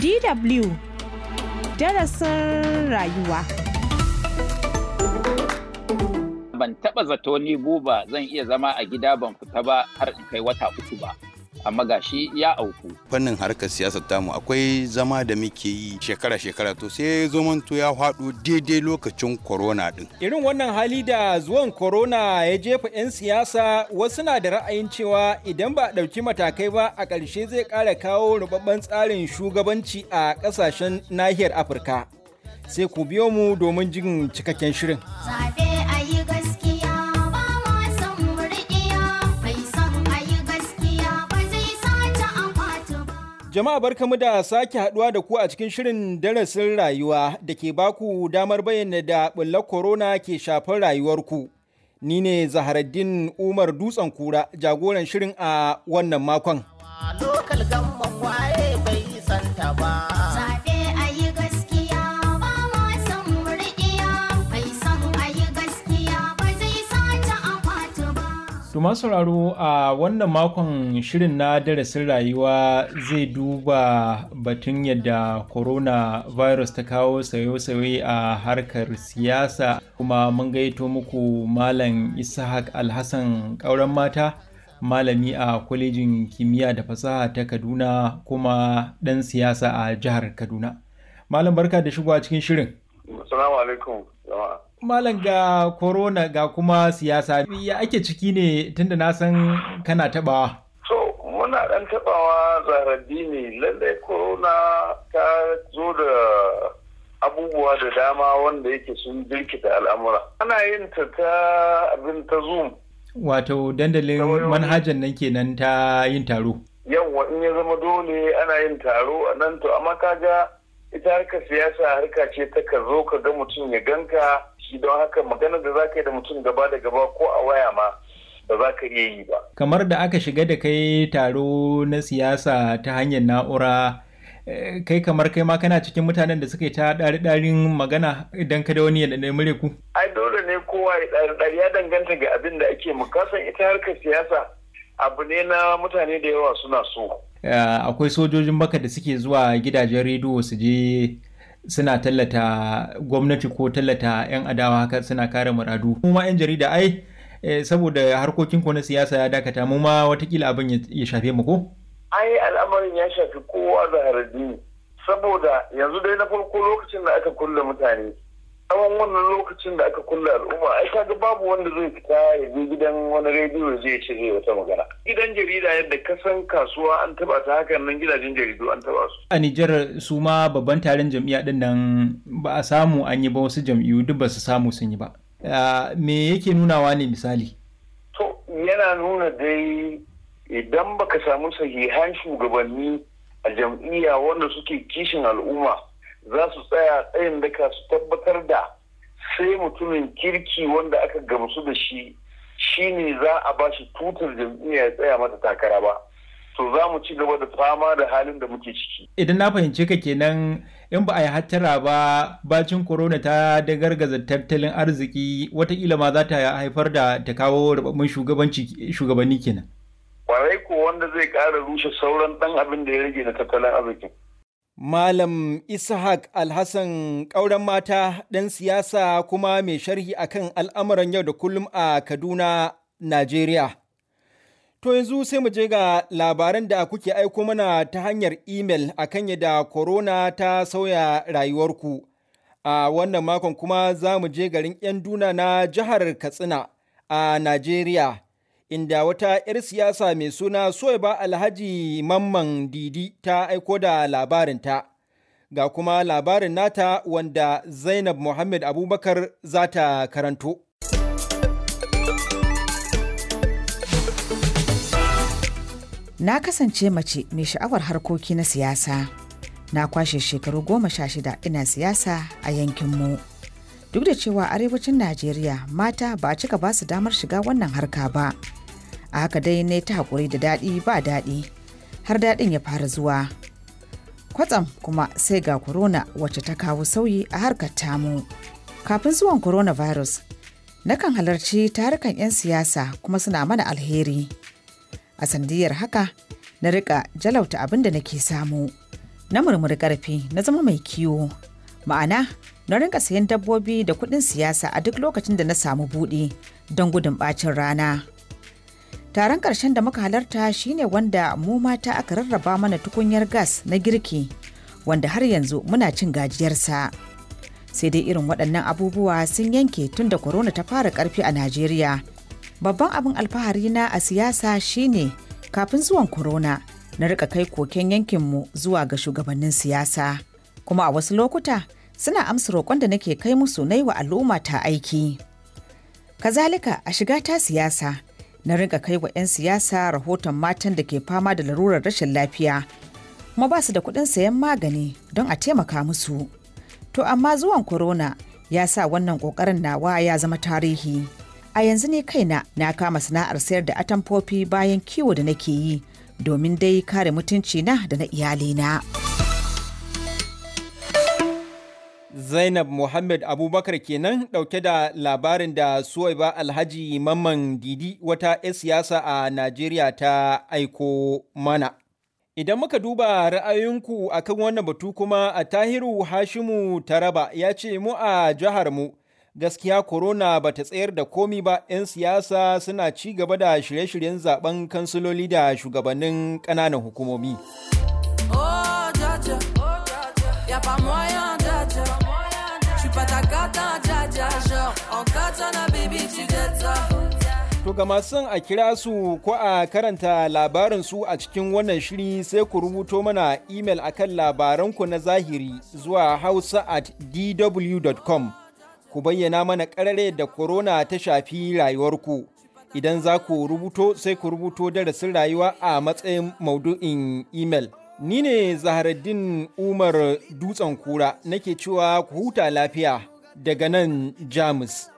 DW darasin rayuwa. Ban taɓa zato ni buba zan iya zama a gida ban fita ba har in kai wata uku ba. amma gashi ya auku. Fannin harkar siyasar tamu akwai zama da muke yi shekara-shekara to sai zomanto ya faɗo daidai lokacin corona din. Irin wannan hali da zuwan corona ya jefa 'yan siyasa wasu na da ra'ayin cewa idan ba a ɗauki matakai ba a ƙarshe zai ƙara kawo rubabban tsarin shugabanci a ƙasashen nahiyar Afirka. Sai ku biyo mu domin jin cikakken shirin. Zabe. Jama'a barkamu da sake haduwa da ku a cikin shirin darasin rayuwa da ke baku damar bayyana da bullar corona ke shafar rayuwarku. Ni ne Zaharaddin Umar Dutsen Kura jagoran shirin a wannan makon. Lokal Tuma sauraro a wannan makon shirin na darasin rayuwa zai duba batun yadda coronavirus ta kawo sayo sayo a harkar siyasa kuma mun gaito muku Malam Ishaq Alhassan ƙauren mata malami a kwalejin kimiyya da fasaha ta Kaduna kuma ɗan siyasa a jihar Kaduna. Malam barka da shigo cikin shirin. Malam ga corona ga kuma siyasa ya ake ciki ne tunda na san kana tabawa. So muna ɗan tabawa zaradi ne lallai korona ta zo da abubuwa da dama wanda yake sun jirkita al'amura. Ana yin ta ta abin ta zoom. Wato dandalin manhajan nan kenan ta yin taro. Yau in ya zama dole ana yin taro a nan to amma kaga ita harkar siyasa harka ce ta ka zo ka ga mutum ya ganka shi don haka magana da za ka yi da mutum gaba da gaba ko a waya ma ba za ka iya yi ba. Kamar da aka shiga da kai taro na siyasa ta hanyar na'ura eh, kai kamar kai ma kana cikin mutanen da suka yi ta ɗari-ɗarin magana idan ka da wani yadda ya ku? Ai dole ne kowa ya ɗari-ɗari ya danganta ga abin da ake mukasan ita harkar siyasa abu ne na mutane da yawa suna so. Eh, akwai sojojin baka da suke zuwa gidajen rediyo su je suna tallata gwamnati ko tallata 'yan adawa haka suna kare muradu kuma 'yan jarida ai eh, saboda harkokin ko na siyasa ya dakata mu ma watakila abin ya shafe mu ko ai al'amarin ya shafi kowa da haradi saboda yanzu dai na farko lokacin da aka kulle mutane tsawon wannan lokacin da aka kulle al'umma ai kaga babu wanda zai fita ya je gidan wani rediyo ya je ya ce zai wata magana gidan jarida yadda kasan kasuwa an taba ta haka nan gidajen jaridu an taba su a Nijar su ma babban taron jam'iyya din nan ba a samu an yi ba wasu jam'iyyu duk ba su samu sun yi ba me yake nunawa ne misali to yana nuna dai idan baka samu sahihan shugabanni a jam'iyya wanda suke kishin al'umma za su tsaya tsayin daka su tabbatar da sai mutumin kirki wanda aka gamsu da shi shine za a ba shi tutar jam'iyya ya tsaya mata takara ba to za mu ci gaba da fama da halin da muke ciki idan na fahimce ka kenan in ba a yi hattara ba bacin korona ta da gargaza tattalin arziki watakila ma za ta haifar da ta kawo rababin shugabanni kenan kwarai ko wanda zai ƙara rushe sauran ɗan abin da ya rage na tattalin arzikin Malam Ishaq Alhassan ƙauren mata ɗan siyasa kuma mai sharhi akan al'amuran yau da kullum a Kaduna, Najeriya. To yanzu sai mu je ga labaran da kuke aiko mana ta hanyar imel a akan yadda korona ta sauya rayuwarku. A wannan makon kuma za mu je garin 'yan duna na jihar Katsina a Najeriya. inda wata 'yar siyasa mai suna Soyaba Alhaji Mamman Didi ta aiko da labarinta. Ga kuma labarin nata wanda Zainab Muhammad Abubakar za ta karanto. Na kasance mace mai sha'awar harkoki na siyasa. Na kwashe shekaru goma sha shida ina siyasa a yankinmu. Duk da cewa arewacin Najeriya mata ba a cika ba su damar shiga wannan harka ba. a haka dai na ta hakuri da daɗi ba daɗi har daɗin ya fara zuwa kwatsam kuma sai ga corona wacce ta kawo sauyi a harkar tamu kafin zuwan coronavirus nakan halarci tarukan 'yan siyasa kuma suna mana alheri a sandiyar haka na rika jalauta abin da nake samu na murmuri karfi na zama mai kiwo ma'ana na rinka sayan dabbobi da kuɗin siyasa a duk lokacin da na samu buɗi don gudun ɓacin rana taron ƙarshen da muka halarta shine wanda mu mata aka rarraba mana tukunyar gas na girki wanda har yanzu muna cin gajiyarsa sai dai irin waɗannan abubuwa sun yanke tun da korona ta fara ƙarfi a najeriya babban abin alfahari na a siyasa shine kafin zuwan korona na rika kai koken yankinmu zuwa ga shugabannin siyasa kuma a wasu lokuta suna amsa roƙon da nake kai musu na yi wa al'umma ta aiki kazalika a shiga ta siyasa na rinka kai wa 'yan siyasa rahoton matan da ke fama da larurar rashin lafiya kuma ba su da kuɗin sayan magani don a taimaka musu to amma zuwan corona ya sa wannan ƙoƙarin nawa ya zama tarihi a yanzu ne kaina na kama sana'ar sayar da atamfofi bayan kiwo da nake yi domin dai kare mutunci na da na iyalina. na Zainab Muhammad Abubakar kenan ɗauke da labarin da Suwaiba Alhaji Mamman Didi wata 'yan siyasa a Najeriya ta aiko mana. Idan muka duba ra'ayinku a kan wannan batu kuma a Tahiru Hashimu Taraba ya ce mu a jihar mu gaskiya korona ba ta tsayar da komi ba 'yan siyasa suna ci gaba da shirye-shiryen zaben kansiloli da shugabannin ƙananan hukumomi. Oh, oh, suis pas To ga son a kira su ko a karanta labarin su a cikin wannan shiri sai ku rubuto mana imel a kan labaranku na zahiri zuwa hausa at dw.com ku bayyana mana karare da corona ta shafi rayuwarku. Idan za ku rubuto sai ku rubuto darasin rayuwa a matsayin maudu'in imel. Ni ne Zaharaddin Umar Dutsen Kura nake cewa ku huta lafiya daga nan Jamus.